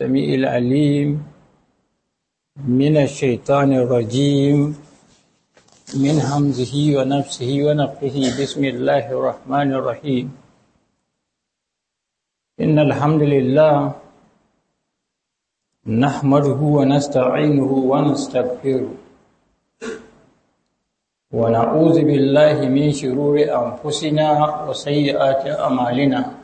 السميع العليم من الشيطان الرجيم من همزه ونفسه ونفخه بسم الله الرحمن الرحيم إن الحمد لله نحمده ونستعينه ونستغفره ونعوذ بالله من شرور أنفسنا وسيئات أعمالنا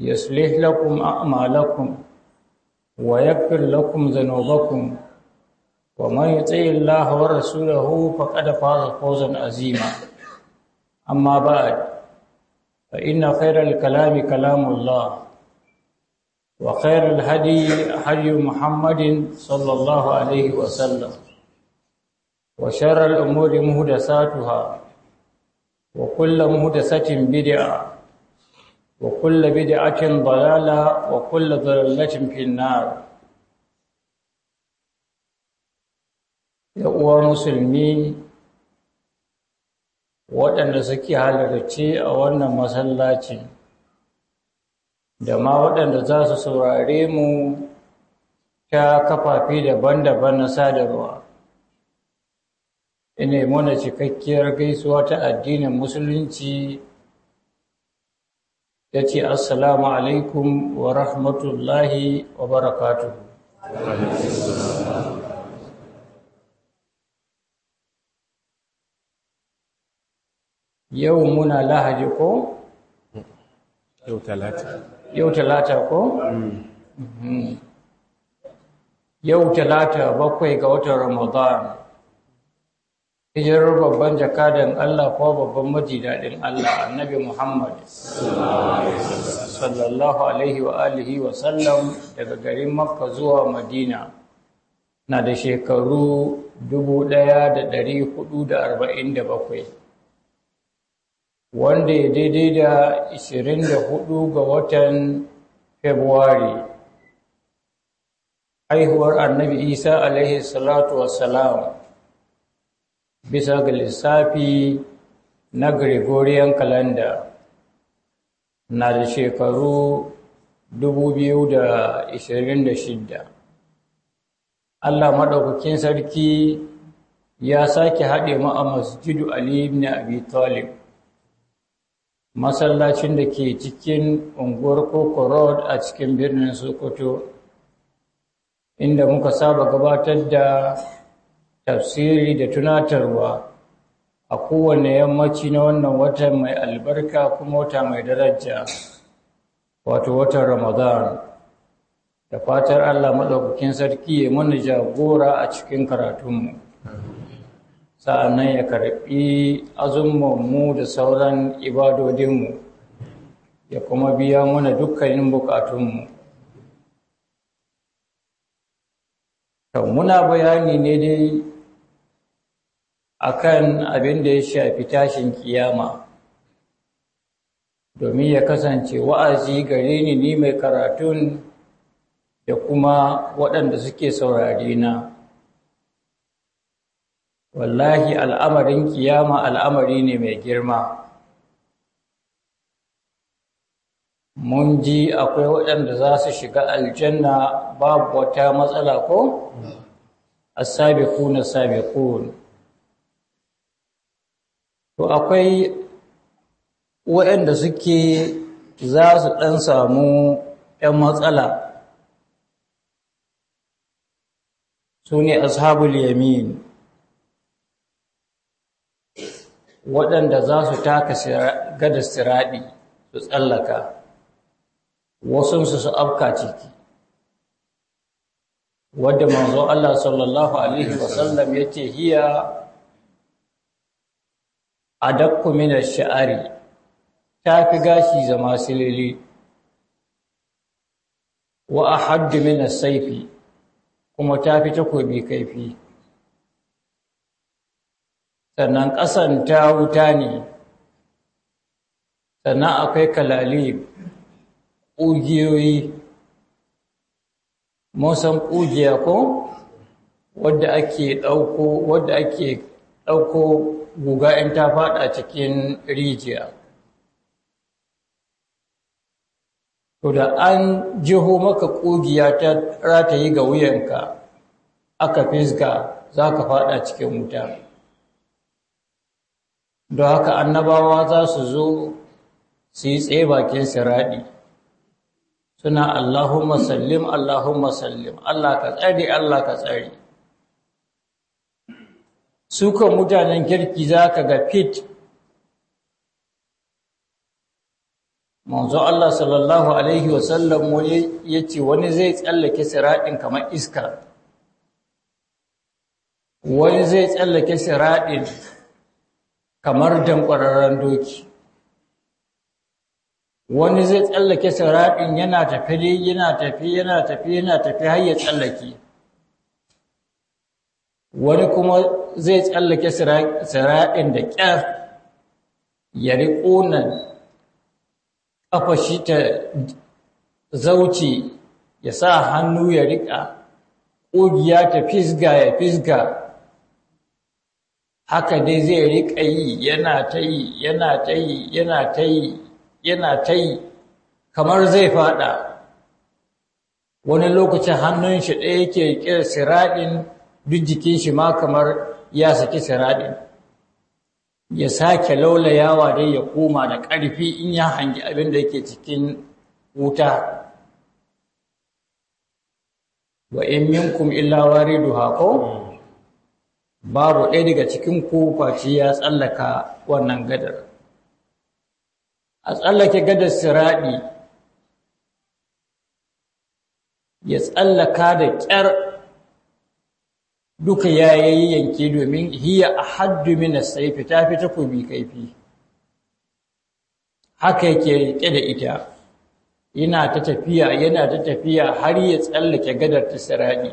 يصلح لكم أعمالكم ويغفر لكم ذنوبكم ومن يطع الله ورسوله فقد فاز فوزا عظيما أما بعد فإن خير الكلام كلام الله وخير الهدي هدي محمد صلى الله عليه وسلم وشر الأمور مهدساتها وكل مهدسة بدعة وكل بدعة ضلالة وكل ضلالة في النار يقوى Musulmi waɗanda suke halarci a wannan masallaci da ma waɗanda za su saurare mu ta kafafi daban-daban na sadarwa ina mana cikakkiyar gaisuwa ta addinin musulunci ya ce assalamu alaikum wa rahmatullahi wa barakatu. Yau muna lahaji ko? Yau talata. ko? Mm. Mm-hmm. Yau talata bakwai ga watan Ramadan. hijirar babban jakadan Allah ko babban majidaɗin Allah annabi Muhammad sallallahu alaihi wa alihi wa sallam daga garin Makka zuwa Madina na da shekaru 1447 wanda ya daidai da 24 ga watan Februari haihuwar annabi Isa alaihi salatu wa salam bisa ga lissafi na Gregorian calendar na da shekaru 2026. Allah maɗaukakin sarki ya sake haɗe mu a masjidu Ali ibn Abi Talib, masallacin da ke cikin unguwar Koko Road a cikin birnin Sokoto, inda muka saba gabatar da tafsiri da tunatarwa a kowane yammaci na wannan watan mai albarka kuma wata mai daraja wato watan ramadan da fatar allah maɗaukakin sarki ya mana jagora a cikin karatunmu nan ya karɓi azumanmu da sauran ibadodinmu ya kuma biya mana dukkanin bukatunmu muna bayani ne dai akan abin da ya shafi tashin kiyama domin ya kasance wa'azi gare ni ni mai karatun da kuma waɗanda suke saurari na wallahi al'amarin kiyama al'amari ne mai girma mun ji akwai waɗanda za su shiga aljanna babu wata matsala ko? kuna sabi kuna to akwai waɗanda suke za su ɗan samu ‘yan matsala su ne ashabul yamin waɗanda za su taka gada siraɗi su tsallaka wasunsu su afka ciki wadda manzo Allah sallallahu Alaihi wasallam ya ce hiya adakku min sha'ari, ta fi gashi zama silili wa a min as saifi kuma fi takobi kaifi sannan ƙasan ta wuta ne sannan akwai kalali ƙugiyoyi mun san ƙugiya ko wadda ake ɗauko wadda ake ɗauko guga in ta faɗa cikin rijiya to da an jiho maka ƙugiya ta rataye ga wuyanka aka fisga za ka faɗa cikin wuta don haka annabawa za su zo su yi tsaye bakin siraɗi suna allahumma sallim allahumma sallim allah ka tsari allah ka tsari su kan mutanen kirki za ka ga fit manzo Allah sallallahu alaihi sallam ya ce wani zai tsallake siradin kamar iska wani zai tsallake siradin kamar dankwararren doki wani zai tsallake siradin yana tafi yana tafi yana tafi yana tafi har ya tsallake wani kuma zai tsallake sira'in da ƙyar ya riƙo nan ƙafashi ta zauce ya sa hannu ya riƙa ƙugiya ta fisga ya fisga haka dai zai riƙa yi yana ta yi yana ta yi yana ta yi yana ta yi kamar zai faɗa wani lokacin hannun shi ɗaya ke ƙirƙirar siraɗin duk jikin shi ma kamar ya saki siraɗi ya sake yawa dai ya koma da ƙarfi in ya hangi abin da yake cikin wuta wa in minkum illa wariduha ko babu ɗaya daga cikin ku face ya tsallaka wannan gadar a tsallake gadar siraɗi ya tsallaka da ƙyar duka ya yi yanke domin hiya a haddu mina saifi ta fi kubi kaifi haka yake rike da ita yana ta tafiya yana ta tafiya har ya tsallake gadar ta sirani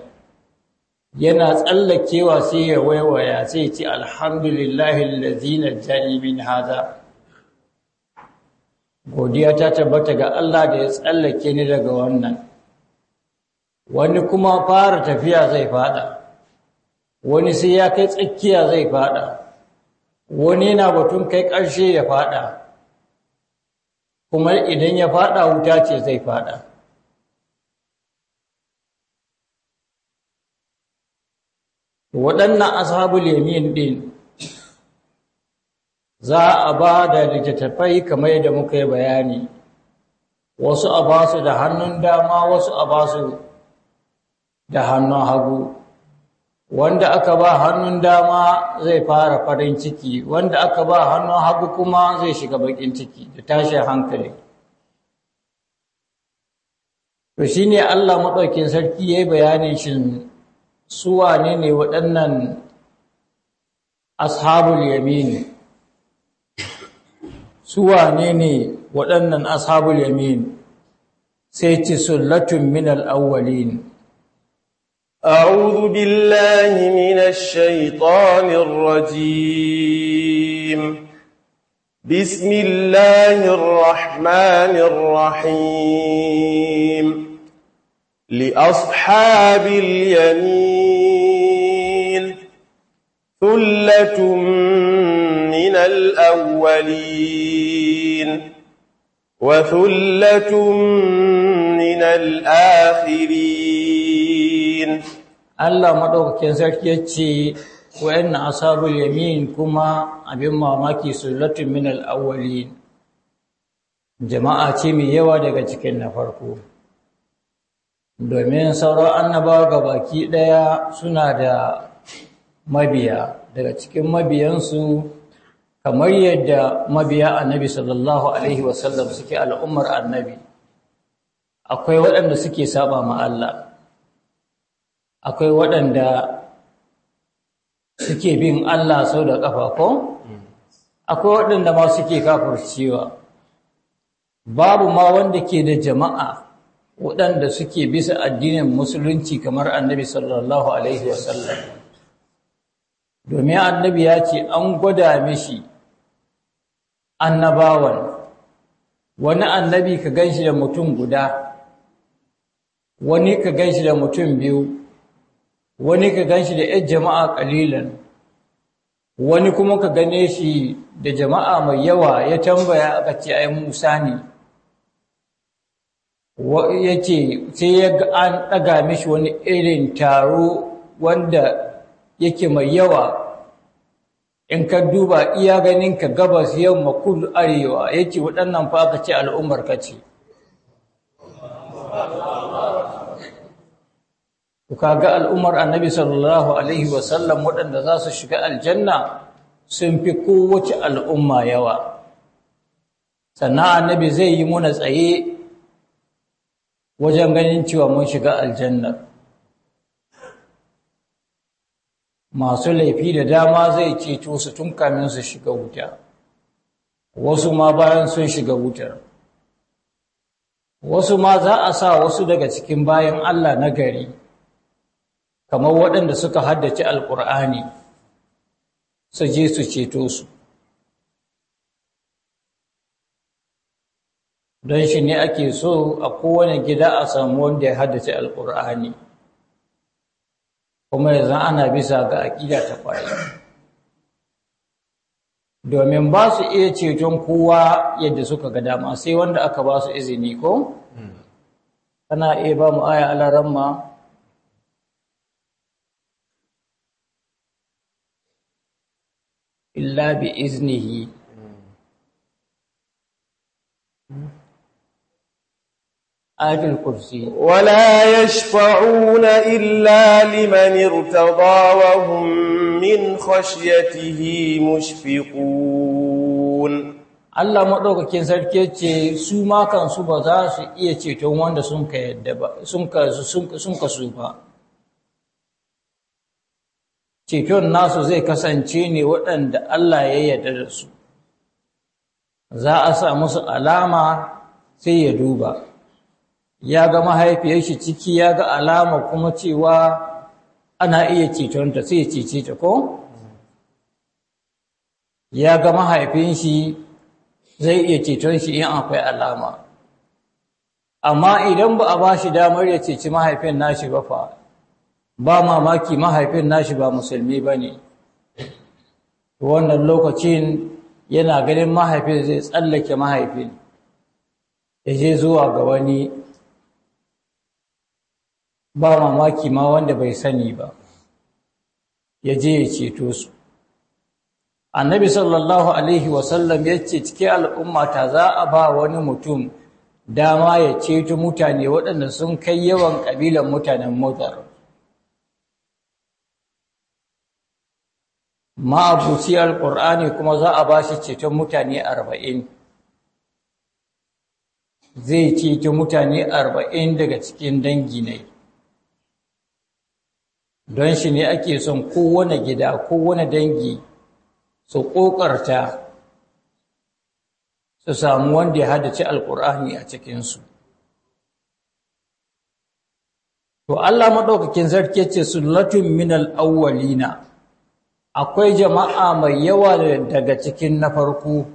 yana tsallakewa sai ya waiwaya sai ya ce alhamdulillahi allazi najjani min haza. godiya ta tabbata ga Allah da ya tsallake ni daga wannan wani kuma fara tafiya zai fada wani sai ya kai tsakiya zai fada wani na batun kai ƙarshe ya fada kuma idan ya fada wuta ce zai fada waɗannan ashabul yamin din za a ba da littattafai kamar yadda muka yi bayani wasu a basu da hannun dama wasu a basu da hannun hagu wanda aka ba hannun dama zai fara farin ciki wanda aka ba hannun hagu kuma zai shiga bakin ciki da tashin hankali to shine Allah madaukin sarki yi bayanin shi su wane ne waɗannan ashabul yamin su wane ne waɗannan ashabul yamin sai ce sullatun minal awwalin أعوذ بالله من الشيطان الرجيم بسم الله الرحمن الرحيم لأصحاب اليمين ثلة من الأولين وثلة من الآخرين Allah maɗaukakin sarki ya ce na ashabul yamin kuma abin mamaki latin min al jama'a ce mai yawa daga cikin na farko domin sauran ga baki ɗaya suna da mabiya daga cikin mabiyansu kamar yadda mabiya annabi sallallahu alaihi wasallam suke al'ummar annabi akwai waɗanda suke saba ma Allah akwai waɗanda suke bin Allah sau da ƙafa ko? Akwai waɗanda ma suke kafar cewa? Babu ma wanda ke da jama'a waɗanda suke bisa addinin musulunci kamar annabi sallallahu Alaihi wasallam. Domin annabi ya ce an gwada mishi annabawan, wani annabi ka ganshi da mutum guda, wani ka ganshi da mutum biyu. wani ka gan shi da yan jama'a ƙalilan, wani kuma ka gane shi da jama'a mai yawa ya tambaya aka ce ai Musa ne Ya ce sai ya ga an ɗaga mishi wani irin taro wanda yake mai yawa in ka duba iya ganin ka gabas yamma makul arewa ya ce waɗannan fa ka ce al'ummar ka ce to kaga al'ummar annabi sallallahu alaihi wasallam waɗanda za su shiga aljanna sun fi kowace al'umma yawa sannan annabi zai yi muna tsaye wajen ganin cewa mun shiga aljanna masu laifi da dama zai ceto su tun kamin su shiga wuta wasu ma bayan sun shiga wutar wasu ma za a sa wasu daga cikin bayan Allah na gari kamar waɗanda suka haddace alƙur'ani su je su ceto su don shi ne ake so a kowane gida a samu wanda ya haddace alƙur'ani kuma yanzu ana bisa ga aƙida ta ƙwari domin ba su iya ceton kowa yadda suka ga dama sai wanda aka ba su izini ko? kana hmm. iya ba mu aya alaramma إلا بإذنه آية الكرسي ولا يشفعون إلا لمن ارتضى وهم من خشيته مشفقون Allah maɗaukakin sarki ce su ma kansu ba za su iya ceton wanda sun ka yadda ba sun ka su ba ceton nasu zai kasance ne waɗanda Allah ya yarda da su za a sa musu alama sai ya duba ya ga mahaifiyar shi ciki ya ga alama kuma cewa ana iya cetonta sai ya cece ta ko ya ga mahaifin shi zai iya ceton shi in akwai alama amma idan ba a ba shi damar ya ceci mahaifin nashi ba fa ba mamaki mahaifin nashi ba musulmi ba ne wannan lokacin yana ganin mahaifin zai tsallake mahaifin ya je zuwa ga wani ba mamaki ma wanda bai sani ba ya je ya ceto su annabi sallallahu alaihi wasallam ya ce cikin al'ummata za a ba wani mutum dama ya ceto mutane waɗanda sun kai yawan ƙabilan mutanen motar ma'abuci alƙur'ani kuma za a ba shi ceton mutane arba'in zai ceto mutane arba'in daga cikin dangi ne don shi ne ake son kowane gida kowane dangi su ƙoƙarta su samu wanda ya haddace alƙur'ani a cikinsu to Allah maɗaukakin sarki ce sullatun minal awwalina akwai jama'a mai yawa daga cikin na farko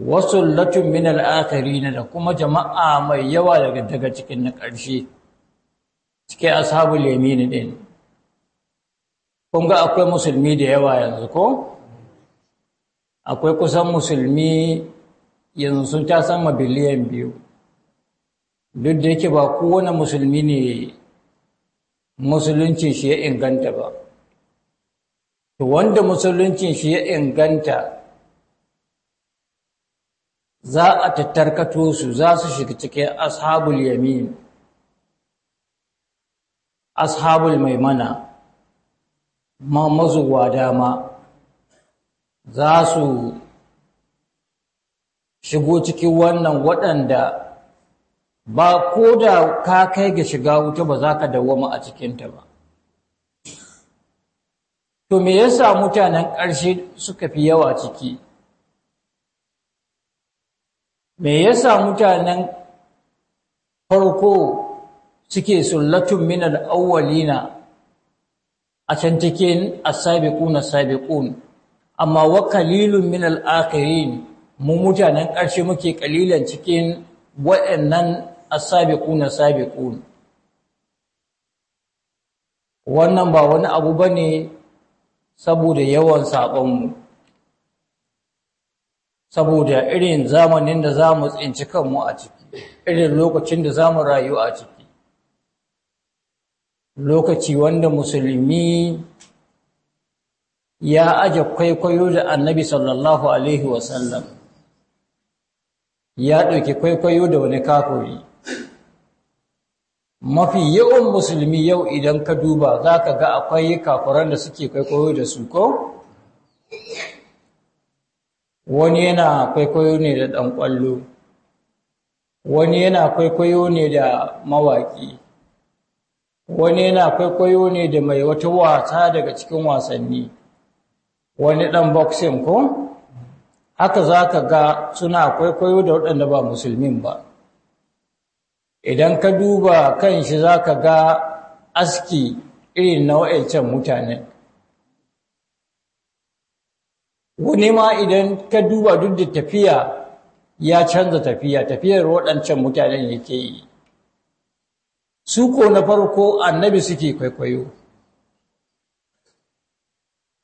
wasu latun min na da kuma jama'a mai yawa daga cikin na ƙarshe cikin ashabul lemini ɗin kun akwai musulmi da yawa yanzu ko akwai kusan musulmi yanzu ta sama biliyan biyu duk da yake ba kowane musulmi ne musulunci shi ya inganta ba to wanda musuluncin shi ya inganta za a tattarkato su za su shiga cikin ashabul yamin ashabul maimana ma mazuwa dama za su shigo cikin wannan waɗanda ba ko da ka kai ga shiga wuta ba za ka dawwama a cikinta ba to me yasa mutanen ƙarshe suka fi yawa ciki me yasa mutanen farko suke sullatun minar awwalina a can take as na sabiqun amma wa qalilun minal akhirin mu mutanen ƙarshe muke ƙalilan cikin waɗannan asabiquna na sabiqun wannan ba wani abu bane saboda yawan saƙonmu saboda irin zamanin da za mu tsinci kanmu a ciki irin lokacin da za mu rayu a ciki lokaci wanda musulmi ya aje kwaikwayo da annabi sallallahu alaihi wasallam ya ɗauki kwaikwayo da wani kafuri mafi yawan musulmi yau idan ka duba za ka ga akwai kafuran da suke kwaikwayo da su ko wani yana kwaikwayo ne da ɗan ƙwallo wani yana kwaikwayo ne da mawaƙi wani yana kwaikwayo ne da mai wata wasa daga cikin wasanni wani ɗan boxing ko haka za ka ga suna kwaikwayo da waɗanda ba musulmin ba idan ka duba kan shi za ka ga aski irin nau'aicen mutane wani ma idan ka duba duk da tafiya ya canza tafiya tafiyar waɗancan mutanen yake yi su ko na farko annabi suke kwaikwayo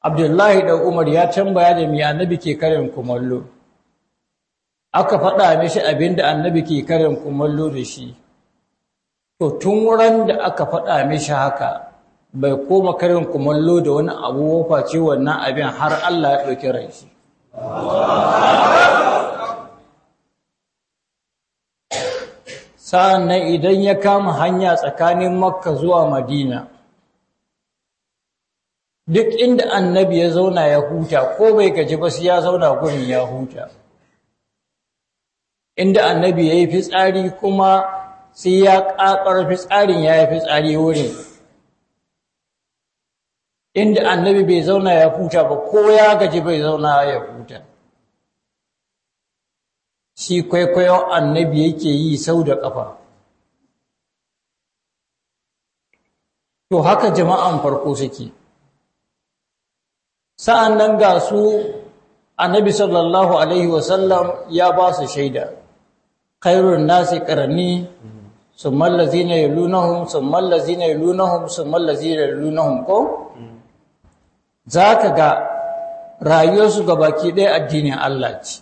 abdullahi ɗan umar ya tambaya da mai annabi ke karin kumallo aka faɗa mishi abin da annabi ke karin kumallo da shi to tun wurin da aka faɗa mishi haka bai koma karin kumallo da wani abu ce wannan abin har Allah ya ɗauki rai shi sa'an idan ya kama hanya tsakanin makka zuwa madina duk inda annabi ya zauna ya huta ko bai gaji ba su ya zauna gurin ya huta inda annabi ya yi fitsari kuma sai ya ƙaƙar fitsarin ya yi fitsari wurin inda annabi bai zauna ya huta ba ko ya gaji bai zauna ya huta shi kwaikwayon annabi yake yi sau da ƙafa to haka jama'an farko suke sa'an nan ga su annabi sallallahu alaihi wasallam ya ba su shaida khairun nasi ƙarni ثم الذين يلونهم ثم الذين يلونهم ثم الذين يلونهم ko zaka ga rayuwar rayuwarsu baki ɗaya addinin Allah ce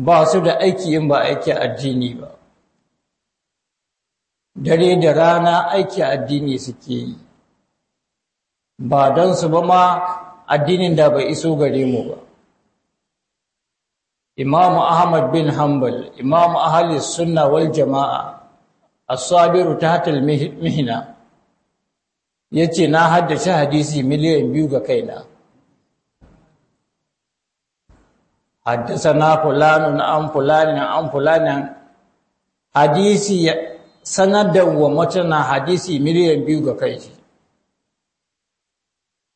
ba su da aiki in ba aiki addini ba dare da rana aiki addini suke yi ba don su ba ma addinin da bai iso gare mu ba Imam Ahmad bin Hanbal, Imam Ahli Sunna wal Jama'a, As-Sabiru tahtal mihna. Yace na haddace hadisi miliyan biyu ga kaina. Haddasana na an fulanin an fulani hadisi sanar da wa mutana hadisi miliyan biyu ga kai.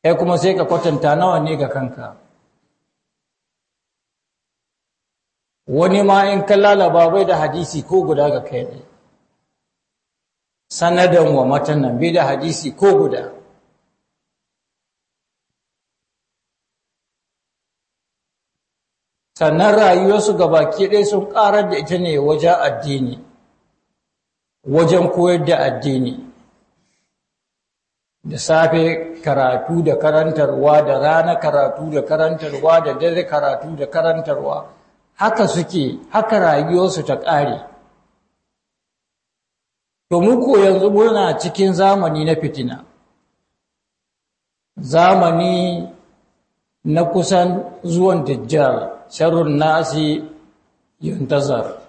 Kai kuma sai ka kwatanta nawa ne ga kanka. wani ma in ka lalaba bai da hadisi ko guda ga kai ne sanadan wa matan nan bai da hadisi ko guda sannan rayuwarsu baki ɗaya sun ƙarar da ita ne wajen addini wajen koyar da addini da safe karatu da karantarwa da rana karatu da karantarwa da dare karatu da karantarwa haka suke haka rayuwarsu ta ƙare to mu ko yanzu muna cikin zamani na fitina zamani na kusan zuwan dajjal sharrun nasi yuntazar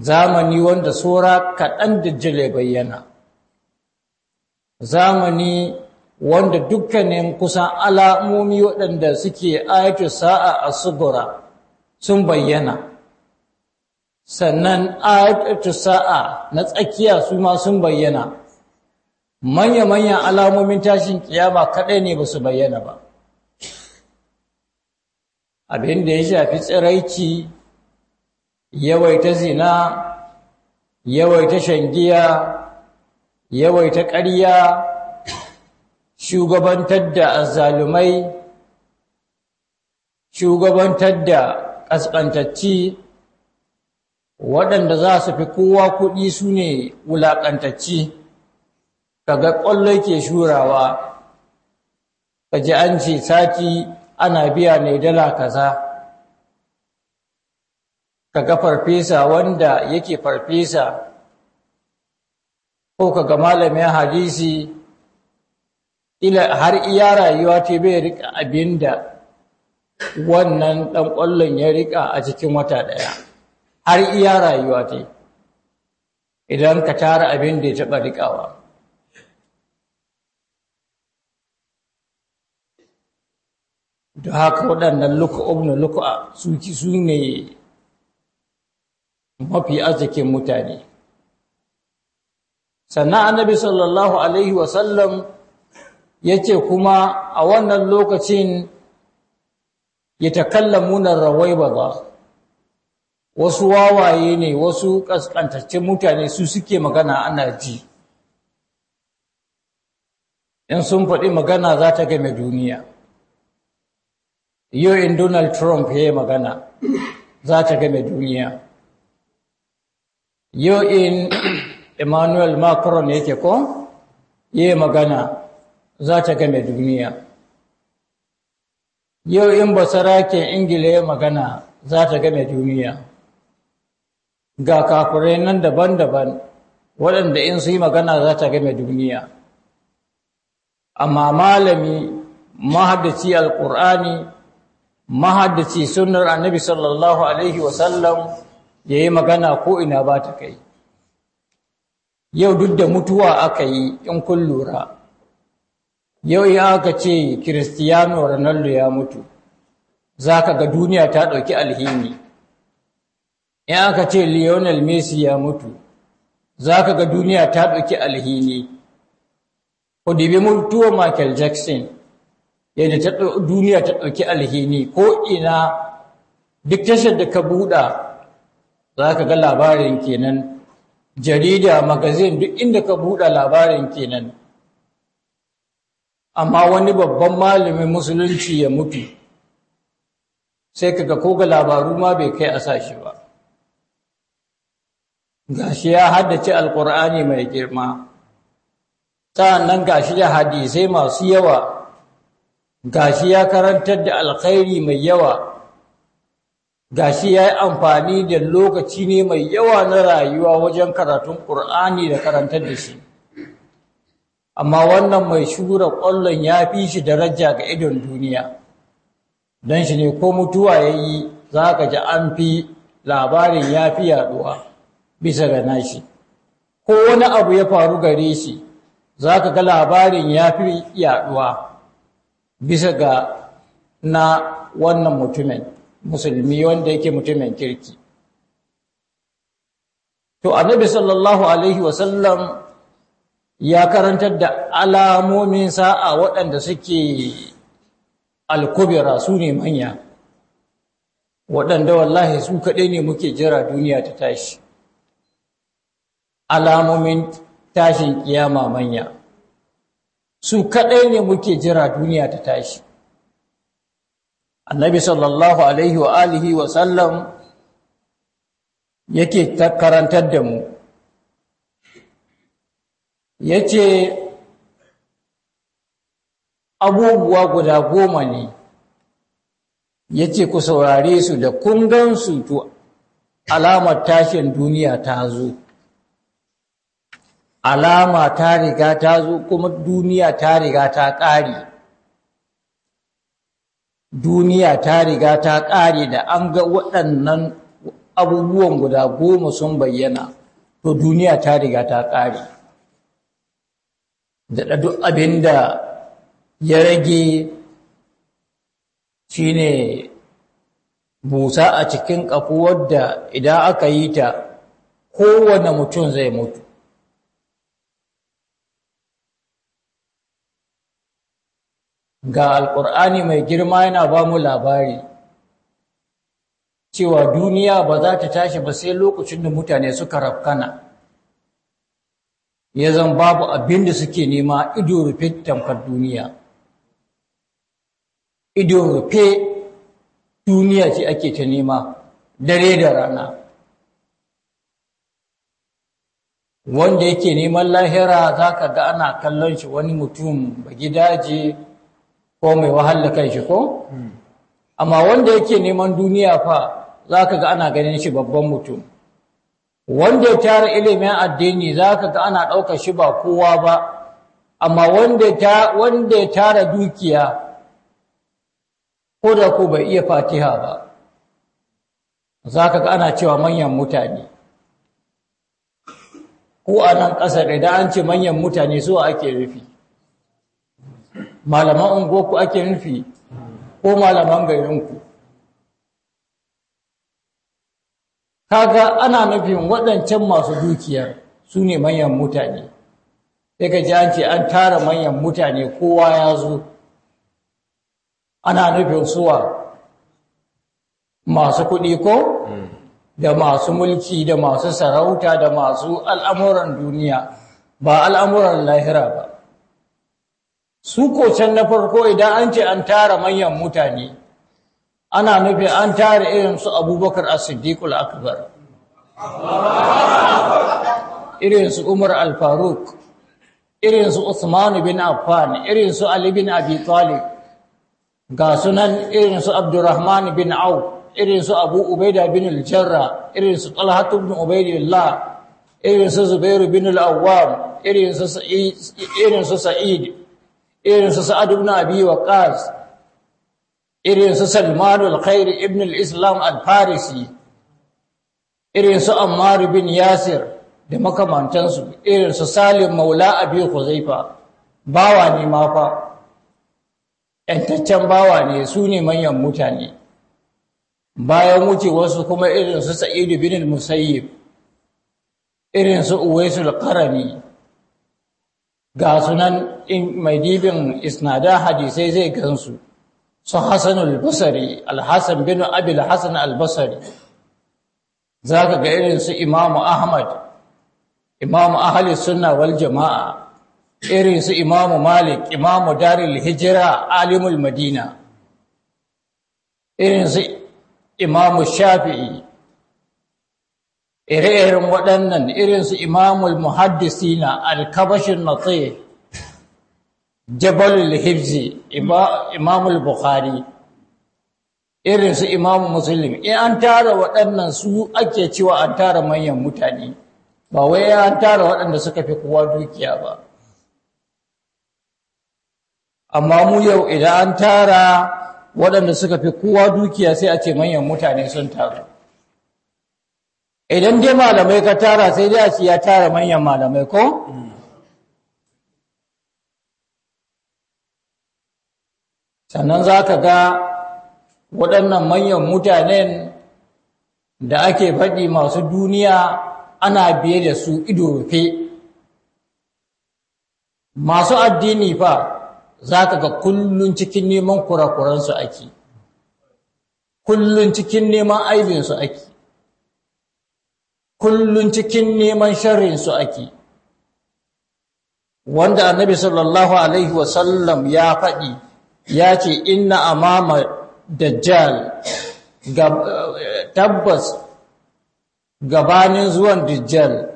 zamani wanda tsora kaɗan dajjal ya bayyana zamani wanda dukkanin kusan alamomi waɗanda suke ayatu sa'a a sugura sun bayyana sannan ayatu sa'a na tsakiya su ma sun bayyana manya-manyan alamomin tashin kiyama kaɗai ne ba su bayyana ba abin da ya shafi tsiraici yawaita zina yawaita shangiya yawaita ƙarya shugabantar da azzalumai shugabantar da ƙasƙantacci waɗanda za su fi kowa kuɗi su ne wulaƙantacci kaga ƙwallo ke shurawa ka ji an ce sati ana biya ne dala kaza kaga farfesa wanda yake farfesa ko kaga malamin hadisi ila har iya rayuwa ce bai rika abinda wannan dan ƙwallon ya rika a cikin wata daya har iya rayuwa ta idan ka tara abinda ya taba rikawa da haka waɗannan luka, luku'a luka, su ne mafi arzikin mutane sannan annabi sallallahu alaihi wasallam yace kuma a wannan lokacin ya ba ba, wasu wawaye ne wasu kaskantaccen mutane su suke magana ana ji in sun faɗi magana za ta game duniya yau in donald trump ya yi magana za ta game duniya yau in emmanuel macron yake ko ya yi magana za ta game duniya yau in ba sarakin ingila ya magana za ta game duniya ga kafurai nan daban-daban waɗanda in su yi magana za ta game duniya amma malami mahaddaci alƙur'ani mahaddaci sunar annabi sallallahu alaihi wasallam ya yi magana ko ina ba ta kai yau duk da mutuwa aka yi in kun lura yau ya aka ce Cristiano Ronaldo ya mutu za ka ga duniya ta ɗauki alhini Ya aka ce Lionel Messi ya mutu za ka ga duniya ta ɗauki alhini ku dibi mutuwa Michael Jackson yadda duniya ta ɗauki alhini ko ina duk tashar da ka buɗa za ka ga labarin kenan jarida magazin duk inda ka buɗe labarin kenan amma wani babban malamin musulunci ya mutu sai kaga ko ga labaru ma bai kai a sashi ba gashi ya haddace alkur'ani mai girma nan gashi da hadisai masu yawa gashi ya karantar da alkhairi mai yawa gashi ya yi amfani da lokaci ne mai yawa na rayuwa wajen karatun ƙur'ani da karantar da shi amma wannan mai shura ƙwallon ya fi shi daraja ga idon duniya don shi ne ko mutuwa ya yi za ka ji an fi labarin ya fi yaduwa bisa ga nashi ko wani abu ya faru gare shi za ka ga labarin ya fi yaduwa bisa ga na wannan mutumin musulmi wanda yake mutumin kirki to annabi sallallahu alaihi wasallam ya karantar da alamomin sa'a waɗanda suke alkubira su ne manya waɗanda wallahi su kaɗai ne muke jira duniya ta tashi alamomin tashin kiyama manya su kaɗai ne muke jira duniya ta tashi annabi sallallahu alaihi wa alihi wa sallam yake karantar da mu Ya ce abubuwa guda goma ne Ya ce ku saurare su da kungan gansu to alamar tashin duniya ta zo alama ta riga ta zo kuma duniya ta riga ta ƙari. duniya ta riga ta ƙari da an ga waɗannan abubuwan guda goma sun bayyana to duniya ta riga ta ƙari. da duk abin da ya rage shi ne busa a cikin ƙafuwar da idan aka yi ta kowane mutum zai mutu ga alƙur'ani mai girma yana ba mu labari cewa duniya ba za ta tashi ba sai lokacin da mutane suka rafkana ya zan babu abin da suke nema ido rufe tamkar duniya ido rufe duniya ce ake ta nema dare da rana wanda yake neman lahira za ka ga ana kallon shi wani mutum ba gidaje ko mai wahala kan shi ko hmm. amma wanda yake neman duniya fa za ka ga ana ganin shi babban mutum wanda ya tara ilimin addini zaka ga ana ɗauka shi ba kowa ba amma wanda ya tara dukiya ko da ko bai iya fatiha ba zaka ga ana cewa manyan mutane ko a nan da idan an ce manyan mutane zuwa ake rufi malaman unguwarku ake rufi ko malaman garinku kaga ana nufin waɗancan masu dukiyar su ne manyan mutane sai ka ji an ce an tara manyan mutane kowa ya zo ana nufin suwa masu kuɗi ko da masu mulki da masu sarauta da masu al'amuran duniya ba al'amuran lahira ba su ko can na farko idan an ce an tara manyan mutane ana nufi an tare irin su abubakar as-siddiqul akbar irin su umar al-faruq irin su usman bin affan irin su ali bin abi talib ga sunan irin su abdurrahman bin au irin su abu ubaida bin al irin su talha ibn ubaidillah irin su zubair bin al irin su sa'id irin su sa'id irin su sa'ad ibn abi waqas irin su Salmanul Khair ibn al-Islam al-Farisi irin su Ammar bin Yasir da makamantansu irin su Salim Maula Abi Khuzaifa bawa ne ma fa ‘yantaccen bawa ne su ne manyan mutane bayan wuce wasu kuma irin su Sa'idu bin Musayyib irin su Uwaisul Qarani ga sunan mai dibin isnada hadisai zai gansu su Hassan al al bin Abi al-Hassan al zaka ga irin su Imam Ahmad Imam Ahli Sunna wal Jama'a irin su Imam Malik Imam daril Hijra alimul Madina irin su Imam Shafi'i ire-iren waɗannan irin su Imam al-Muhaddisina al-Kabashin Natih jabalul Imam imamul bukhari irin su imamu muslim in an tara waɗannan su ake cewa an tara manyan mutane ba wai an tara waɗanda suka fi kowa dukiya ba amma mu yau idan an tara waɗanda suka fi kowa dukiya sai a ce manyan mutane sun taru idan dai malamai ka tara sai dai a ce ya tara manyan malamai ko sannan za ka ga waɗannan manyan mutanen da ake faɗi masu duniya ana biye da su ido rufe masu addini fa za ka ga kullum cikin neman kurakuransu ake kullum cikin neman aibinsu ake kullum cikin neman sharrinsu ake wanda annabi sallallahu alaihi wasallam ya faɗi ya ce inna amama dajjal tabbas gabanin zuwan dajjal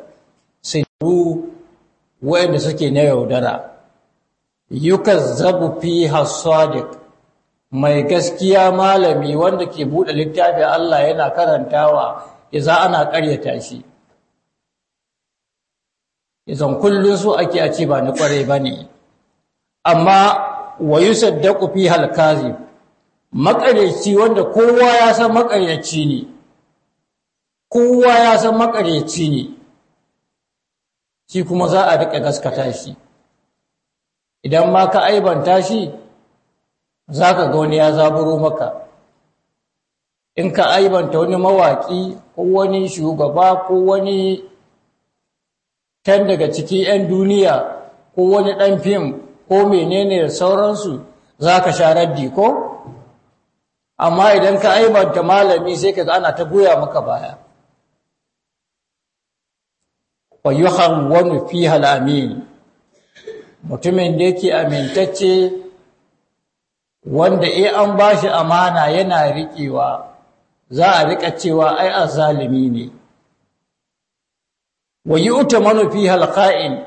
ru wanda suke na yaudara zabu fi hasadiq mai gaskiya malami wanda ke buɗe littafi Allah yana karantawa yaza ana ƙaryata shi izan kullun su ake a ce ba ni ƙware bane amma wa yusaddaqu fi halkazi makareci wanda kowa ya san makareci ne kowa ya san makareci ne shi kuma za a rika gaskata shi idan ma ka aibanta shi zaka ga wani ya zaburo maka in ka aibanta wani mawaki ko wani shugaba ko wani can daga ciki 'yan duniya ko wani ɗan fim ko menene da sauransu za ka sha raddi ko amma idan ka aibanta malami sai ka ana ta goya maka baya wa wani fi halami mutumin da yake amintacce wanda eh an ba shi amana yana riƙewa za a riƙa cewa ai azalimi ne wa yi uta manufi halka'in?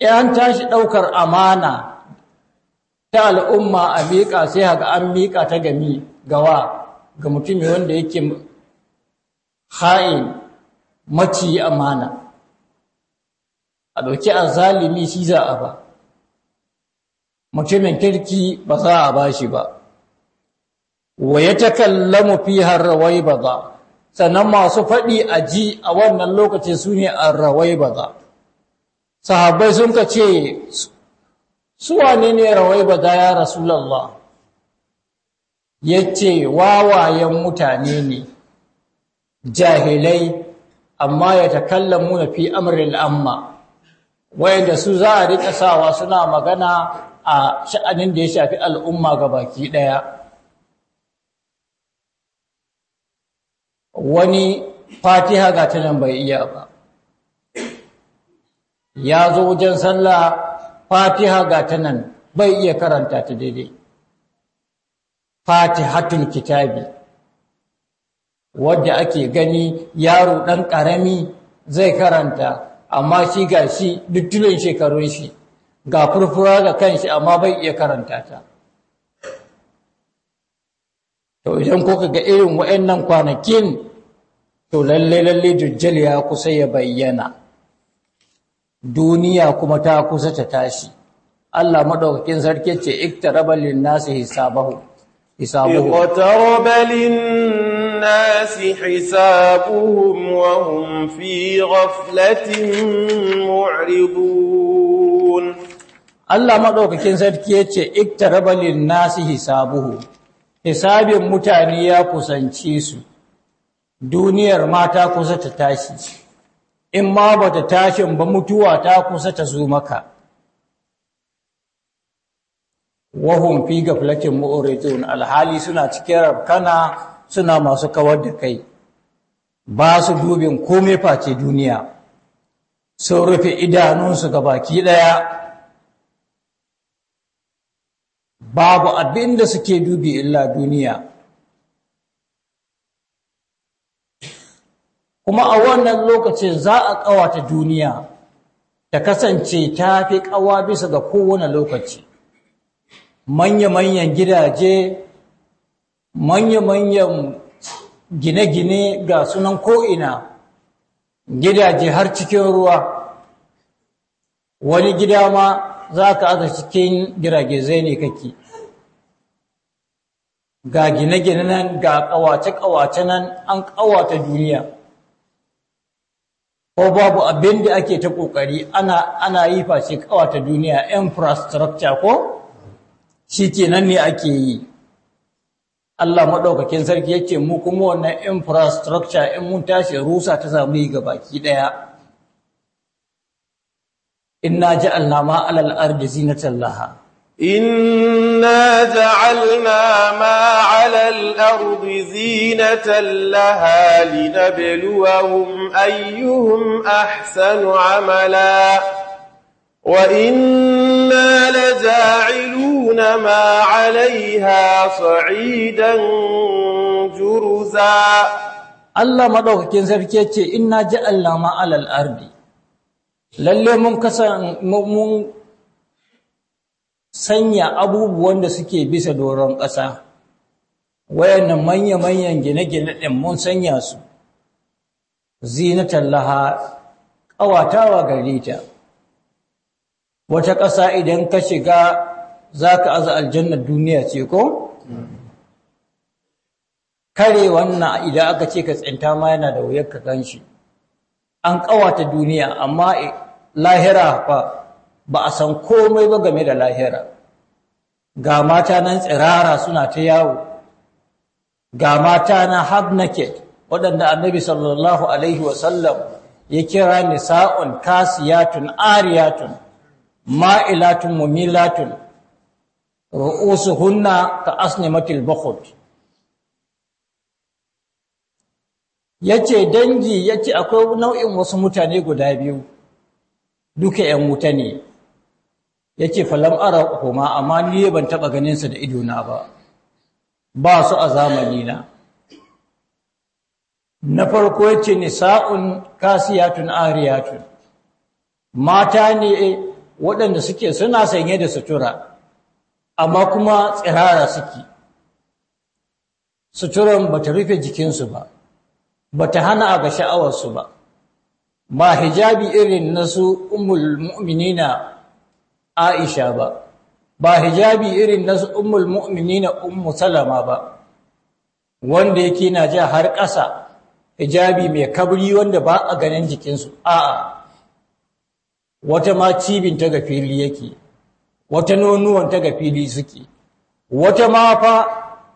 an tashi ɗaukar amana ta al'umma a miƙa sai haka an miƙa ta gami gawa ga mutumi wanda yake ha'in maci amana a ɗauki a zalimi shi za a ba mutumin kirki ba za a ba shi ba wa ya mu fi harawai ba za sannan masu faɗi a ji a wannan lokacin su ne a rawai ba za sahabbai sun ka ce suwane ne rawai ba da ya rasulallah ya ce wawayen mutane ne jahilai amma ya mu na fi amurin amma wayanda su za a rika sawa suna magana a sha'anin da ya shafi al'umma ga baki ɗaya. wani fatiha ga ta bai iya ba ya zo wajen sallah fatiha ga ta nan bai iya karanta ta daidai tun kitabi wadda ake gani yaro ɗan ƙarami zai karanta amma shi ga shi duttulin shekarun shi ga furfura ga kanshi amma bai iya karanta ta to idan kuka ga irin wa'annan kwanakin to lalle lalle dujjal ya kusa ya bayyana duniya kuma ta kusa ta tashi Allah madaukakin sarki ce iktaraba nasi hisabahu hisabuhum iktaraba linnasi hisabuhum wa hum fi ghaflatin mu'ridun Allah madaukakin sarki yace iktaraba nasi hisabuhu hisabin mutane ya kusanci su duniyar mata kusa ta tashi in ma ba ta tashin ba mutuwa ta kusa ta zo maka wahun fi gaflatin mu'uridun alhali suna cikin rabkana suna masu kawar da kai ba su dubin komai face duniya sun rufe idanunsu ga baki ɗaya babu abin da suke dubi illa duniya kuma a wannan lokacin za a ƙawata duniya ta kasance ta fi ƙawa bisa ga kowane lokaci manya-manyan gidaje manya-manyan gine-gine ga sunan ko'ina gidaje har cikin ruwa wani gida ma za ka aka cikin zai ne kake ga gine-gine nan ga ƙawace-ƙawace nan an ƙawata duniya ko babu abin da ake ta kokari ana ana yi face kawata duniya infrastructure ko Shi shikenan ne ake yi Allah madaukakin sarki yake mu kuma wannan infrastructure in mun tashi rusa ta samu yi gabaki daya inna ja'alna ma alal ardi zinatan laha إنا جعلنا ما على الأرض زينة لها لنبلوهم أيهم أحسن عملا وإنا لجاعلون ما عليها صعيدا جرزا الله maɗaukakin sarki ce inna ja'alna ma alal ardi lalle mun kasan mun sanya abubuwan da suke bisa doron ƙasa wayannan manya-manyan gine-gine ɗin mun sanya su zinatan laha ƙawatawa gare ta wata ƙasa idan ka shiga za ka aza aljannar duniya ce ko? kare wannan idan aka ce ka tsinta ma yana da wuyar ka gan shi an ƙawata duniya amma eh, lahira fa ba a san komai ba game da lahira ga mata nan tsirara suna ta yawo ga mata na half waɗanda annabi sallallahu alaihi wasallam ya kira nisa'un kasiyatun ariyatun ma'ilatun mumilatun ru'usu hunna ka asnimatil bukhut yace dangi yace akwai nau'in wasu mutane guda biyu duka 'yan wuta ne yake falam ara kuma amma ni ban taba ganin sa da ido na ba ba su a zamani na na farko yace nisa'un kasiyatun ariyatun mata ne waɗanda suke suna sanye da sutura amma kuma tsirara suke suturan bata rufe jikinsu ba bata hana a ga sha'awarsu ba ba hijabi irin na su ummul mu'minina Aisha ba ba hijabi irin na ummul mu'minina ummu salama ba wanda yake na ja har ƙasa hijabi mai kabri wanda ba a ganin jikinsu a'a wata ma cibin ta ga fili yake wata nonuwan ta ga fili suke wata ma fa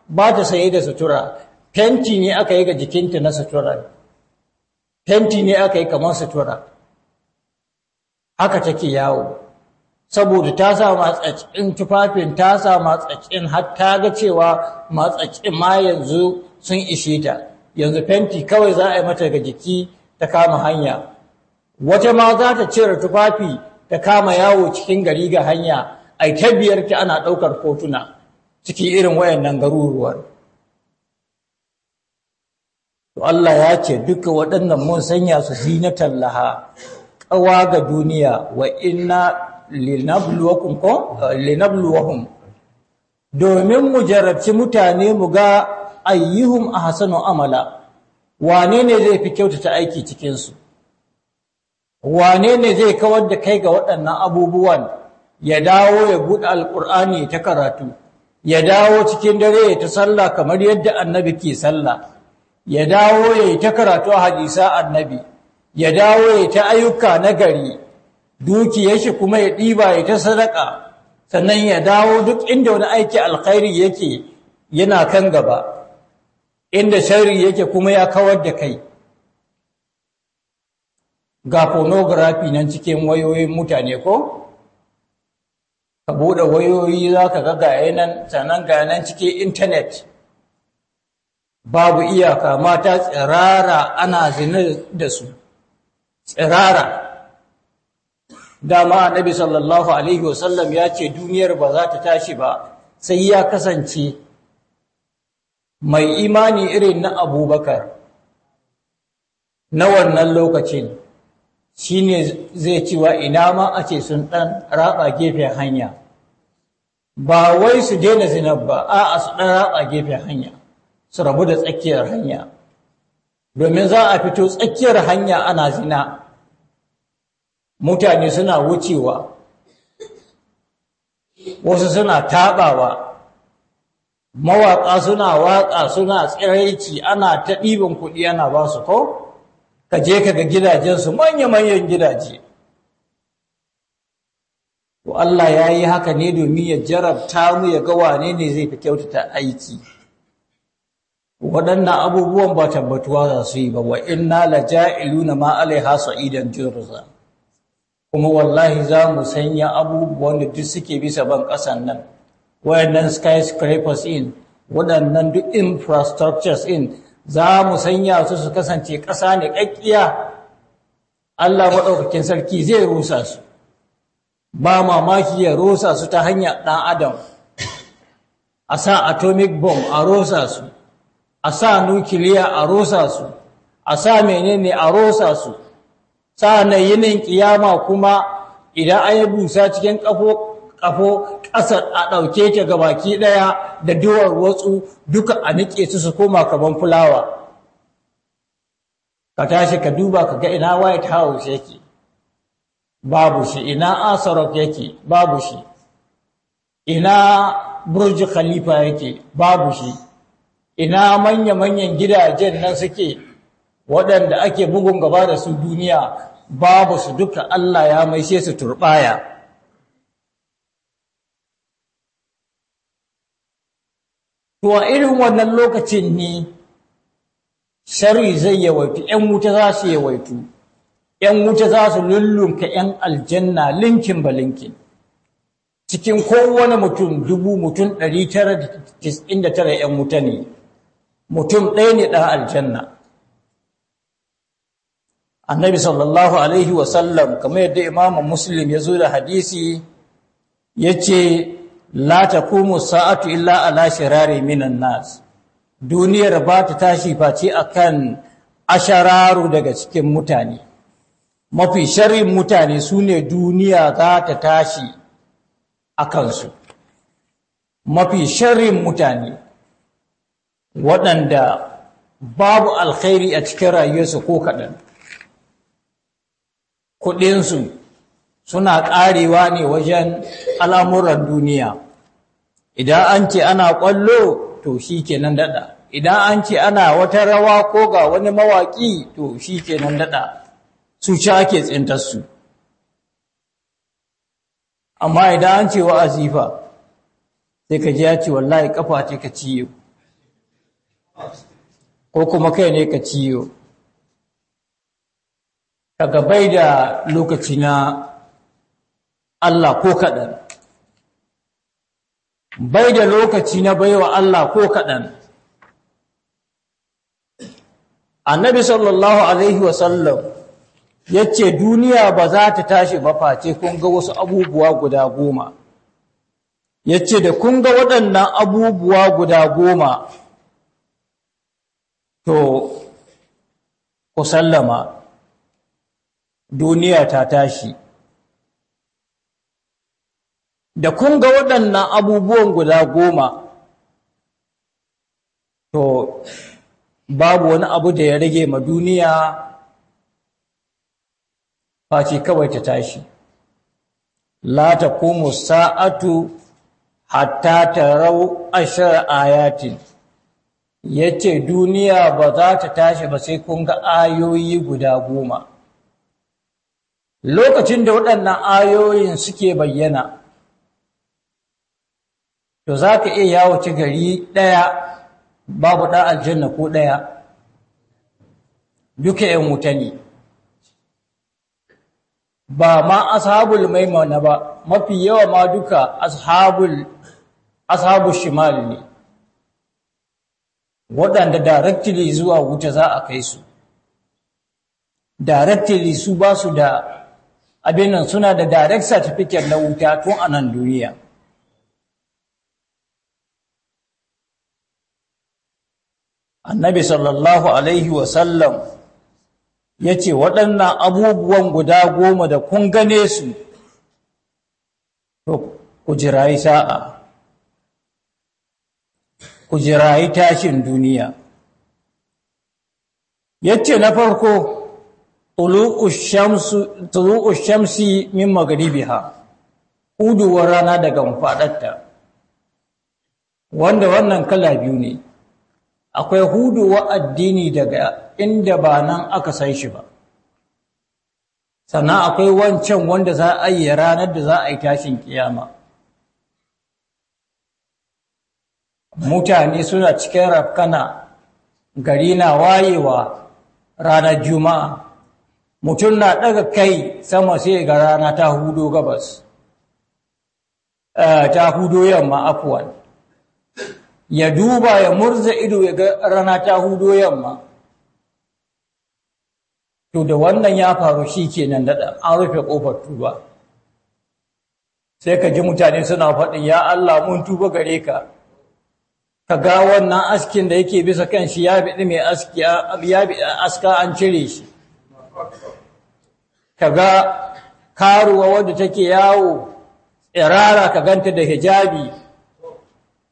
ba ta saye da sutura fenti ne aka yi ga jikinta na sutura fenti ne aka yi kamar sutura haka take yawo saboda ta sa matsacin tufafin ta sa matsacin har ta ga cewa matsacin ma yanzu sun ishe ta yanzu fenti kawai za a yi mata ga jiki ta kama hanya wata ma za ta cire tufafi ta kama yawo cikin gari ga hanya ai ta biyar ki ana ɗaukar kotuna ciki irin wayannan garuruwar to Allah ya ce duka waɗannan mun sanya su zinatan laha ƙawa ga duniya wa inna linabluwakum ko eh, linabluwahum domin mu jarabci mutane mu ga ayyuhum ahsanu amala wane ne zai fi kyautata aiki cikin su wane ne zai kawar da kai ga waɗannan abubuwan ya dawo ya buɗe alƙur'ani ta karatu ya dawo cikin dare ya ta sallah kamar yadda annabi ke sallah ya dawo ya ta karatu hadisa annabi ya dawo ya ta ayyuka na gari dukiyar shi kuma ya ɗiba ya ta sadaka sannan ya dawo duk inda wani aiki alkhairi yake yana kan gaba inda shari yake kuma ya kawar da kai ga pornography nan cikin wayoyin mutane ko ka buɗe wayoyi za ka gaga ya nan sannan ga nan cikin intanet babu iyaka mata tsirara ana zina da su tsirara dama annabi sallallahu alaihi wasallam ya ce duniyar ba za ta tashi ba sai ya kasance mai imani irin na abubakar na wannan lokacin shi ne zai cewa ina ma a ce sun ɗan raɓa gefen hanya ba wai su daina zinab ba a su ɗan raɓa gefen hanya su rabu da tsakiyar hanya domin za a fito tsakiyar hanya ana zina mutane suna wucewa wasu suna taɓawa mawaƙa suna waƙa suna tsiraici ana ta ɗiban kuɗi ana ba su ko ka je ka ga gidajensu manya-manyan gidaje to Allah ya yi haka ne domin ya jarabta mu ya ga wane ne zai fi kyautata aiki waɗannan abubuwan ba tabbatuwa za su yi ba wa inna la ja'iluna ma alaiha sa'idan jurza kuma wallahi za mu sanya abubuwan da duk suke bisa ban ƙasan nan waɗannan skyscrapers in waɗannan duk infrastructures in za mu sanya su su kasance ƙasa ne ƙaƙƙiya Allah maɗaukakin sarki zai rusa su ba mamaki ya rusa su ta hanyar ɗan adam a sa atomic bomb a rusa su a sa nukiliya a rusa su a sa menene a rusa su sa'annan yinin kiyama kuma idan an yi busa cikin kafo ƙasar a ɗauke ta ga baki ɗaya da duwar wasu duka a nike su su koma kaban fulawa ka tashi ka duba ka ga ina white house yake babu shi ina asarok yake babu shi ina burj khalifa yake babu shi ina manya-manyan gidajen nan suke waɗanda ake bugun gaba da su duniya babu su duka Allah ya maishe su turɓaya to irin wannan lokacin ne shari zai yawaitu 'yan wuta za su yawaitu 'yan wuta za su lullunka 'yan aljanna linkin ba linkin cikin kowane mutum dubu mutum ɗari tara da tara 'yan wuta ne mutum ɗaya ne ɗan aljanna annabi sallallahu alaihi wasallam kamar yadda imamu muslim ya zo da hadisi ya ce la taqumu sa'atu illa ala shirari minan nas duniyar ba ta tashi face akan ashararu daga cikin mutane mafi sharrin mutane su ne duniya za ta tashi a kansu mafi sharrin mutane waɗanda babu alkhairi a cikin rayuwarsu ko kaɗan kudinsu suna ƙarewa ne wajen al'amuran duniya idan an ce ana ƙwallo to shi kenan daɗa idan an ce ana wata rawa ko ga wani mawaƙi to shi kenan daɗa su ci ake tsintarsu amma idan an ce wa azifa sai ka ji ya ce wallahi kafa ce ka ciyo ko kuma kai ne ka ciyo daga bai da lokaci na Allah ko kaɗan bai da lokaci na baiwa Allah ko kaɗan annabi sallallahu alaihi wasallam ya ce duniya ba za ta tashi ba face kun ga wasu abubuwa guda goma ya ce da kun ga waɗannan abubuwa guda goma to ku sallama duniya ta tashi da kun ga waɗannan abubuwan guda goma to babu wani abu da ya rage ma duniya face kawai ta tashi la komo sa'atu hatta rau ashar ayatin yace duniya ba za ta tashi ba sai kun ga ayoyi guda goma lokacin da waɗannan ayoyin suke bayyana to za ka iya yawo ci gari ɗaya babu ɗan aljanna ko ɗaya duka ‘yan wuta ne ba ma ashabul mana ba mafi yawa ma duka ashabul ashabul shimal ne waɗanda directly zuwa wuta za a kai su directly su ba su da abin nan suna da direct certificate na wuta tun a nan duniya annabi sallallahu alaihi wasallam ya ce waɗannan abubuwan guda goma da kun gane su to ku jirayi sa'a ku jirayi tashin duniya ya ce na farko tulu'u shamsi min magribiha uduwar rana daga mafadarta wanda wannan kala biyu ne akwai huduwa addini daga inda ba nan aka san shi ba sannan akwai wancan wanda za a yi ranar da za a yi tashin kiyama mutane suna cikin rafkana gari na wayewa ranar juma'a mutum na ɗaga kai sama sai ga rana ta hudo gabas eh, ta hudo yamma afuwan ya duba ya murza ido ya ga rana ta hudo yamma to da wannan ya faru shi kenan da an rufe ƙofar tuba sai ka ji mutane suna faɗin ya Allah mun tuba gare ka ka ga wannan askin da yake bisa kan shi ya biɗi mai aska an cire shi kaga karuwa wadda take yawo irara ka ganta da hijabi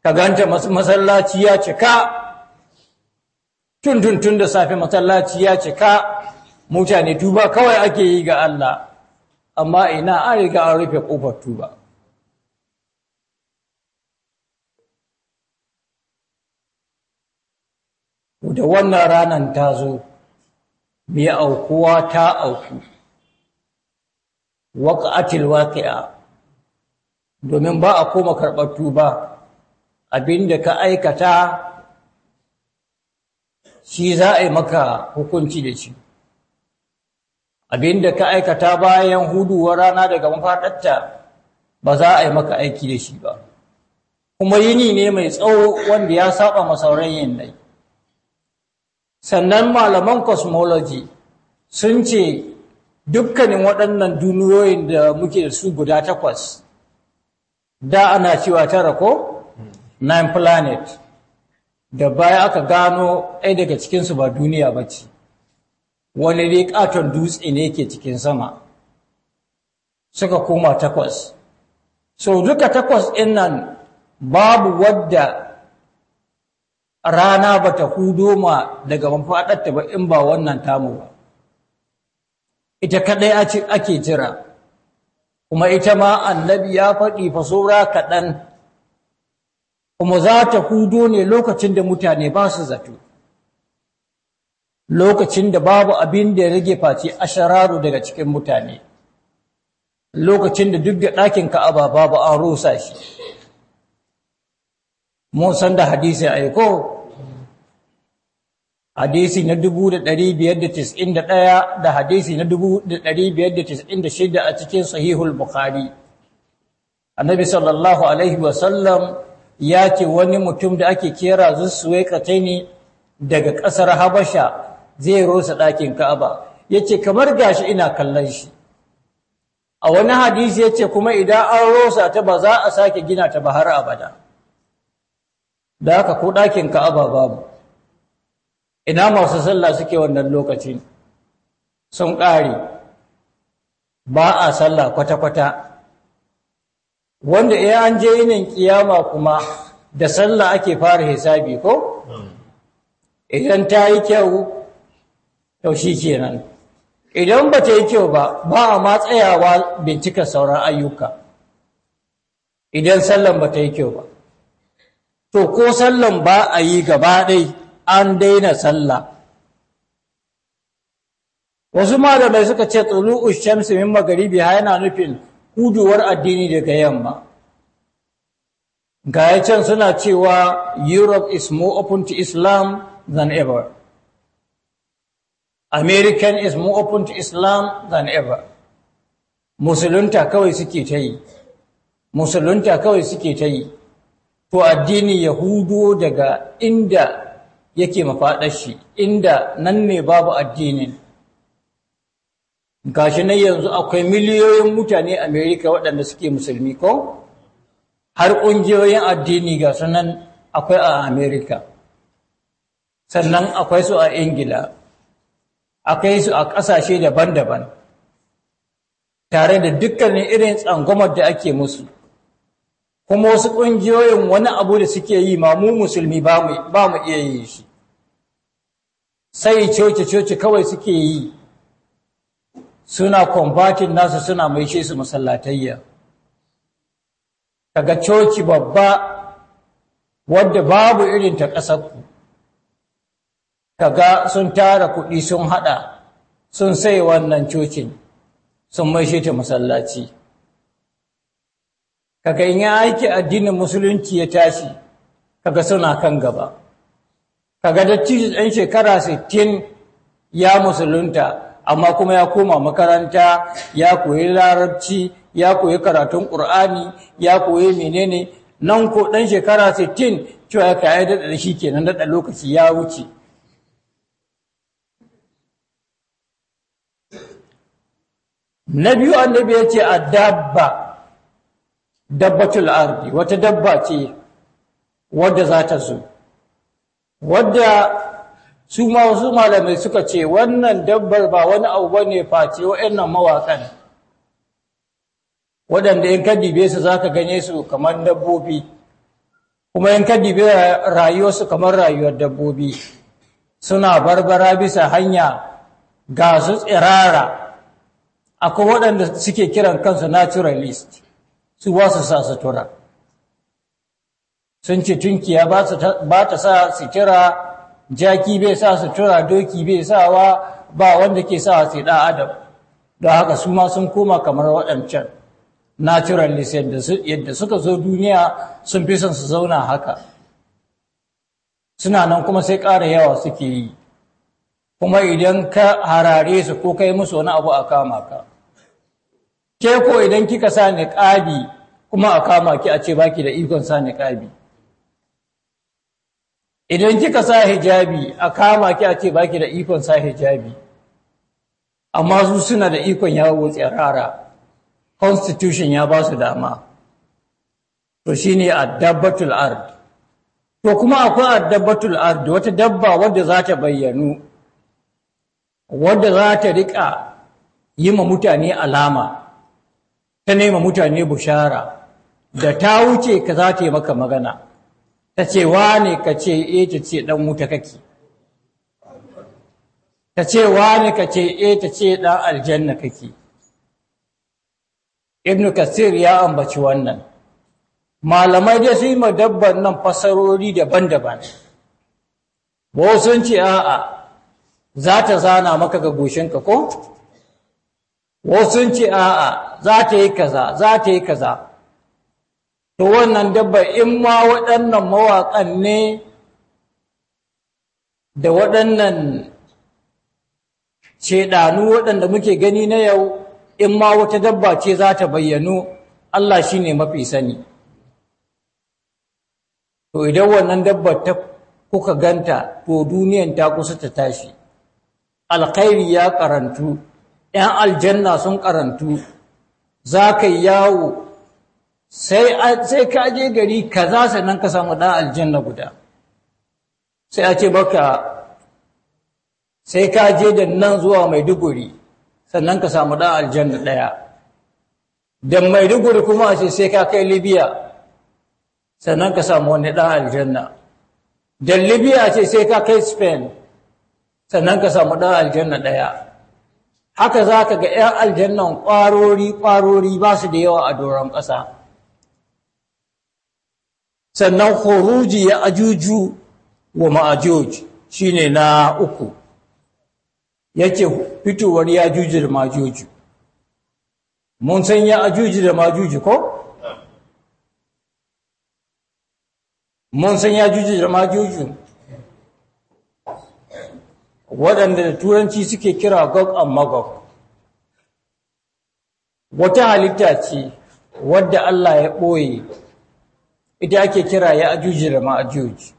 ka ganta masallaci ya cika tun da safe masallaci ya cika mutane tuba kawai ake yi ga Allah amma ina an riga an rufe kofar tuba da wannan ranar ta zo mai aukuwa ta auku waqa'atil waƙi'a domin ba a koma karɓattu ba, abinda ka aikata shi za a yi maka hukunci da shi abinda ka aikata bayan hudu wa rana daga mafaɗatta ba za a yi maka aiki da shi ba kuma yini ne mai tsawo wanda ya saba masaurayin nai sannan malaman cosmology sun ce dukkanin waɗannan duniyoyin da muke da su guda takwas da ana cewa tara ko nine planet da baya aka gano ɗaya daga cikinsu ba duniya ba ce wani dai dutse ne ke cikin sama suka koma takwas Sau duka takwas ɗin nan babu wadda rana ba ta hudo ma daga mafaɗarta ba in ba wannan tamu ba ita kaɗai ake jira kuma ita ma annabi ya faɗi fasora kaɗan kuma za ta hudo ne lokacin da mutane ba su zato lokacin da babu abin da ya rage face ashararu daga cikin mutane lokacin da duk da ɗakin ka'aba babu an rusa shi mun san da hadisi aiko hadisi na 1591 da hadisi na 1596 a cikin sahihul bukhari annabi sallallahu alaihi wasallam ya ce wani mutum da ake kera zuwa katani daga ƙasar habasha zai rosa ɗakin ka'aba yace kamar gashi ina kallon shi a wani hadisi yace kuma idan an rosa ta ba za a sake gina ta ba har abada da haka ko ɗakin ka'aba babu ina masu sallah suke wannan lokacin sun ƙare ba a sallah kwata-kwata wanda iya an je yinin kiyama kuma da sallah ake fara hisabi ko idan ta yi kyau to shi nan. idan ba ta yi kyau ba ba a matsayawa bincika sauran ayyuka idan sallan ba ta yi kyau ba to ko sallan ba a yi gaba ɗaya an daina sallah wasu malamai suka ce tsulu'u shamsi min magaribi ha yana nufin huduwar addini daga yamma ga can suna cewa europe is more open to islam than ever american is more open to islam than ever musulunta kawai suke ta yi musulunta kawai suke ta yi to addini yahudu daga inda yake mafaɗar shi inda nan ne babu addinin gashi nan yanzu akwai miliyoyin mutane Amerika waɗanda suke musulmi ko har ƙungiyoyin addini ga sunan akwai a Amerika sannan akwai su a Ingila akwai su a ƙasashe daban-daban tare da dukkanin irin tsangwamar da ake musu kuma wasu ƙungiyoyin wani abu da suke yi ma mu musulmi ba mu iya yi shi sai coci-coci kawai suke yi suna kwambatin nasu suna maishe su masallatayya daga coci babba wadda babu irin ta ƙasarku kaga sun tara kuɗi sun haɗa sun sai wannan cocin sun ce ta masallaci kaga in ya aiki addinin musulunci ya tashi kaga suna kan gaba kaga dattijo ɗan shekara sittin ya musulunta amma kuma ya koma makaranta ya koyi larabci ya koyi karatun ƙur'ani ya koyi menene nan ko ɗan shekara sittin cewa ya kayi daɗa da shi kenan daɗa lokaci ya wuce na biyu annabi ya ce a dabba dabbatul ardi wata dabba ce wadda za ta zo wadda su ma wasu malamai suka ce wannan dabbar ba wani abu ba ne face waɗannan mawaƙan waɗanda in ka dibe su ka gane su kamar dabbobi kuma in ka dibe rayuwarsu kamar rayuwar dabbobi suna barbara bisa hanya ga su tsirara akwai waɗanda suke kiran kansu naturalist su ba su sa sutura sun ce tunkiya ba ta sa sutura jaki bai sa sutura doki bai sawa ba wanda ke sa su da adam don haka su ma sun koma kamar waɗancan naturalist yadda suka zo duniya sun fi son su zauna haka suna nan kuma sai ƙara yawa suke yi kuma idan ka harare su ko kai musu wani abu a kama ka ke ko idan kika sa ƙabi kuma a kama ki a ce baki da ikon sa ƙabi. idan kika sa hijabi a kama ki a ce baki da ikon sa hijabi amma su suna da ikon yawo tsirara constitution ya ba su dama to shine addabatul ard to kuma akwai addabatul ard wata dabba wadda za ta bayyanu wadda za ta rika yi ma mutane alama ta nema mutane bushara da ta wuce ka za ta yi maka magana ta ce wane ka ce e ta ce dan wuta kake ta ce wane ka ce e ta ce dan aljanna kake Ibn kasir ya ambaci wannan malamai dai su ma madabban nan fasarori daban-daban wasu sun ce a'a za ta zana maka ga goshinka ko wasu sun ce a'a za ta yi kaza za ta yi kaza to wannan dabba in ma waɗannan mawaƙan ne da waɗannan shaiɗanu waɗanda muke gani na yau in ma wata dabba ce za ta bayyano Allah shi ne mafi sani to idan wannan dabba ta kuka ganta to duniyan ta kusa ta tashi alkhairi ya karantu ‘yan aljanna sun karantu za ka yawo sai ka je gari kaza sannan ka samu ɗan aljanna guda sai a ce baka sai ka je da nan zuwa maiduguri sannan ka samu ɗan aljanna ɗaya da maiduguri kuma sai ce sai ka kai libya sannan ka samu wani ɗan aljanna da libya ce sai ka kai spain sannan ka samu ɗan aljanna ɗaya haka za ka ga 'yan aljannan ƙwarori ƙwarori ba su da yawa a doron ƙasa sannan horoji ya ajuju wa ma'ajuj shine na uku yake fitowar ya ajuju da majuju mun san ya ajuju da majuju ko mun san ya ajuju da majuju waɗanda da turanci suke kira gog and magog wata halitta ce wadda Allah ya ɓoye ita ake kira ya ajuji da ma'ajuji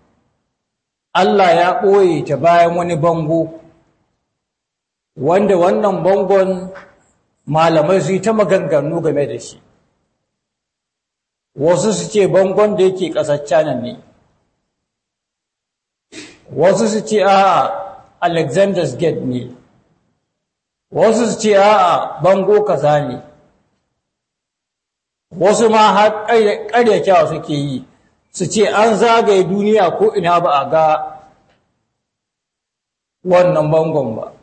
Allah ya ɓoye ta bayan wani bango wanda wannan bangon malamai su yi ta maganganu game da shi wasu su ce bangon da yake ƙasar nan ne wasu su ce a Alexander's Gate ne wasu su ce a bango kaza ne wasu ma har kyawa suke yi su ce an zagaye duniya ko ina ba a ga wannan bangon ba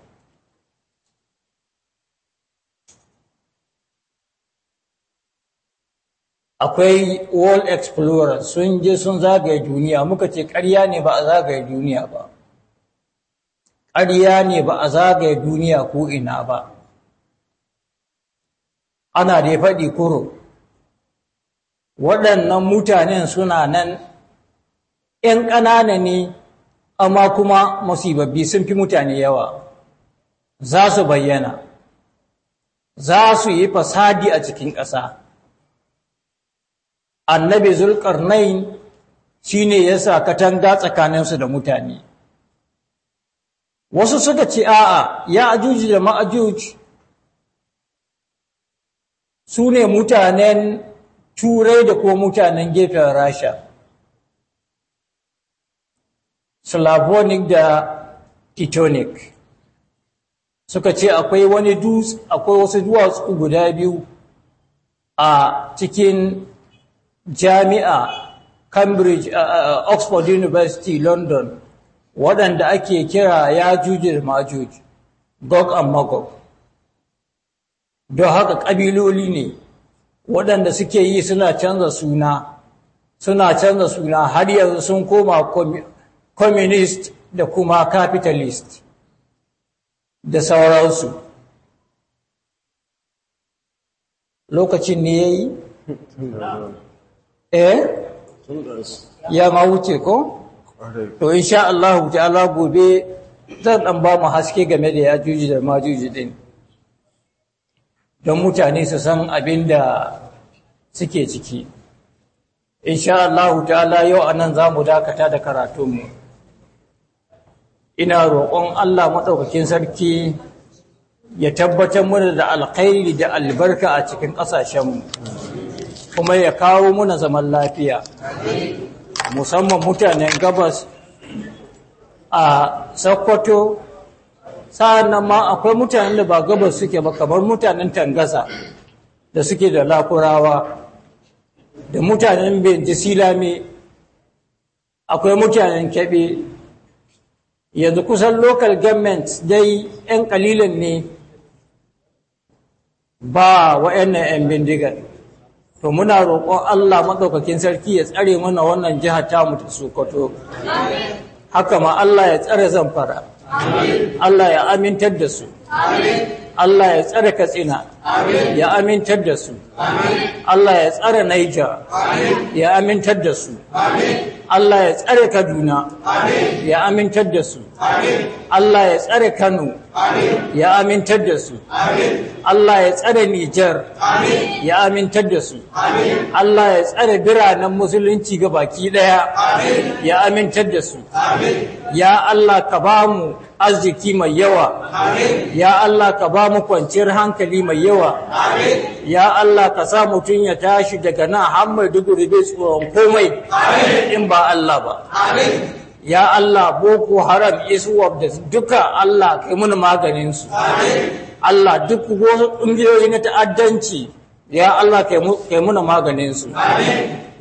akwai world explorer sun je sun zagaye duniya muka ce ƙarya ne ba a zagaye duniya ba ƙarya ne ba a zagaye duniya ko ina ba ana da ya faɗi kuro waɗannan mutanen suna nan ‘yan ƙanana ne amma kuma masibabbi sun fi mutane yawa za su bayyana za su yi fasadi a cikin ƙasa annabi zulƙarnain shi ne ya sa katanga tsakaninsu da mutane wasu suka ce a'a ya ajuji da ma'ajuji su ne mutanen turai da ko mutanen gefen rasha slavonic da titonic suka ce akwai wani dus akwai wasu duwatsu guda biyu a cikin jami'a cambridge uh, oxford university london waɗanda ake kira ya juji da majuji gog and magog don haka ƙabiloli ne waɗanda suke yi suna canza suna suna canza suna har yanzu sun koma communist da kuma capitalist da sauransu lokacin ne ya yi? eh? ya ma wuce ko? to insha Allah ta'ala gobe zan ɗan ba mu haske game da ya juji da majuji juji ɗin don mutane su san abin da suke ciki insha Allah ta'ala yau a nan za mu dakata da karatunmu ina roƙon Allah matsaukakin sarki ya tabbatar mana da alkhairi da albarka a cikin ƙasashenmu kuma ya kawo muna zaman lafiya musamman mutanen gabas a Sokoto sa'an nan ma akwai mutanen da ba gabas suke ba kamar mutanen tangasa da suke da lakurawa da mutanen Benji Silami, akwai mutanen kebe yanzu kusan local government dai 'yan kalilan ne ba wa'annan 'yan bindigar to muna roƙon Allah maɗaukakin sarki ya tsare mana wannan jihar tamu ta Sokoto haka ma Allah ya tsare zamfara Allah ya amintar da su Allah ya tsare katsina ya amintar da su Allah ya tsara Niger ya amintar da su Allah ya tsare Kaduna ya amintar da su Allah ya tsare Kano ya amintar da su Allah ya tsare Niger ya amintar da su Allah ya tsare biranen musulunci ga baki daya ya amintar da su ya Allah ka ba mu arziki mai yawa ya Allah ka ba mu kwanciyar hankali mai yawa yawa ya Allah ka sa mutum ya tashi daga na hamar mai duguri bai tsoron komai in ba Allah ba ya Allah boko haram isuwar da duka Allah kai mun maganin su Allah duk ƙungiyoyi na ta'addanci ya Allah kai mun maganin su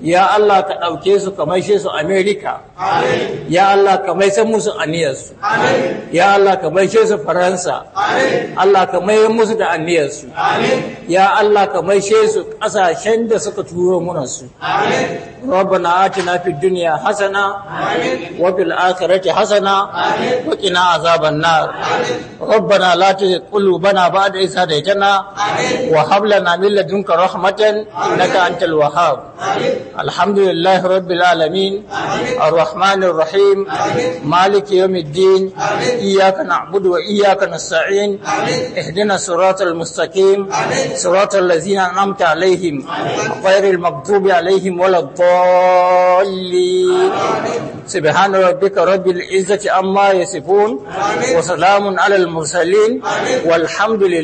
ya Allah ka ɗauke su ka maishe su Amerika. Ya Allah ka maishe musu aniyarsu. Ya Allah ka maishe su Faransa. Allah ka mai musu da aniyarsu. Ya Allah ka maishe su ƙasashen da suka turo muna su. ati na fi duniya hasana wa fil akhirati hasana wa qina azaban nar. Rabbana la tuzigh qulubana ba'da idh hadaytana wa hab lana min ladunka rahmatan innaka antal wahhab. الحمد لله رب العالمين الرحمن الرحيم مالك يوم الدين إياك نعبد وإياك نستعين اهدنا صراط المستقيم صراط الذين أنعمت عليهم غير المغضوب عليهم ولا الضالين سبحان ربك رب العزة عما يصفون وسلام على المرسلين والحمد لله